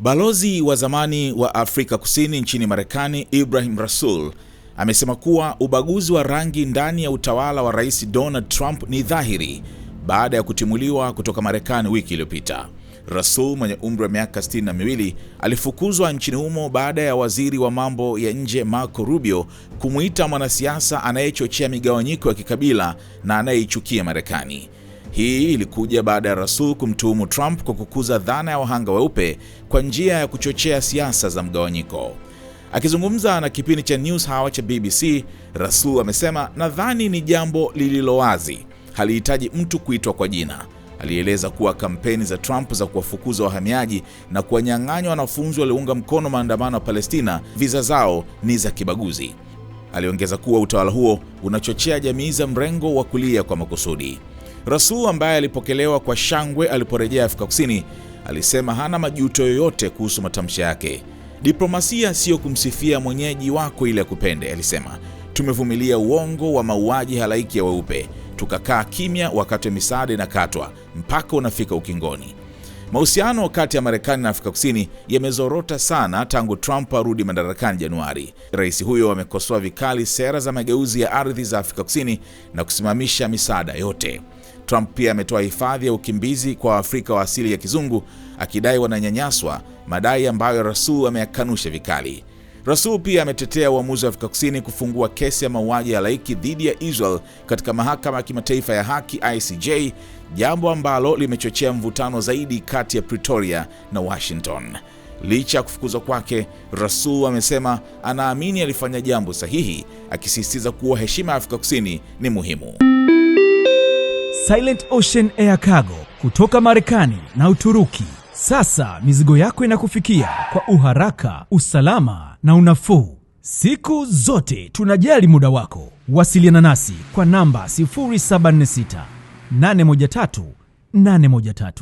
Balozi wa zamani wa Afrika Kusini nchini Marekani, Ibrahim rasul amesema kuwa ubaguzi wa rangi ndani ya utawala wa Rais Donald Trump ni dhahiri baada ya kutimuliwa kutoka Marekani wiki iliyopita. rasul mwenye umri wa miaka sitini na miwili alifukuzwa nchini humo baada ya waziri wa mambo ya nje Marco Rubio kumwita mwanasiasa anayechochea migawanyiko ya kikabila na anayeichukia Marekani. Hii ilikuja baada ya Rasul kumtuhumu Trump kwa kukuza dhana ya wahanga weupe kwa njia ya kuchochea siasa za mgawanyiko. Akizungumza na kipindi cha News Hour cha BBC, Rasul amesema, nadhani ni jambo lililo wazi, halihitaji mtu kuitwa kwa jina. Alieleza kuwa kampeni za Trump za kuwafukuza wahamiaji na kuwanyanganywa wanafunzi waliounga mkono maandamano ya Palestina viza zao ni za kibaguzi. Aliongeza kuwa utawala huo unachochea jamii za mrengo wa kulia kwa makusudi. Rasul ambaye alipokelewa kwa shangwe aliporejea Afrika Kusini alisema hana majuto yoyote kuhusu matamshi yake. Diplomasia siyo kumsifia mwenyeji wako ili akupende, alisema. Tumevumilia uongo wa mauaji halaiki ya weupe, tukakaa kimya wakati wa misaada inakatwa, mpaka unafika ukingoni. Mahusiano kati ya Marekani na Afrika Kusini yamezorota sana tangu Trump arudi madarakani Januari. Rais huyo amekosoa vikali sera za mageuzi ya ardhi za Afrika Kusini na kusimamisha misaada yote. Trump pia ametoa hifadhi ya ukimbizi kwa Waafrika wa asili ya kizungu akidai wananyanyaswa, madai ambayo Rasul ameyakanusha vikali. Rasul pia ametetea uamuzi wa Afrika Kusini kufungua kesi ya mauaji ya laiki dhidi ya Israel katika mahakama ya kimataifa ya haki ICJ, jambo ambalo limechochea mvutano zaidi kati ya Pretoria na Washington. Licha ya kufukuzwa kwake, Rasul amesema anaamini alifanya jambo sahihi, akisisitiza kuwa heshima ya Afrika Kusini ni muhimu. Silent Ocean Air Cargo kutoka Marekani na Uturuki sasa mizigo yako inakufikia kwa uharaka, usalama na unafuu. Siku zote tunajali muda wako. Wasiliana nasi kwa namba 0746 813 813.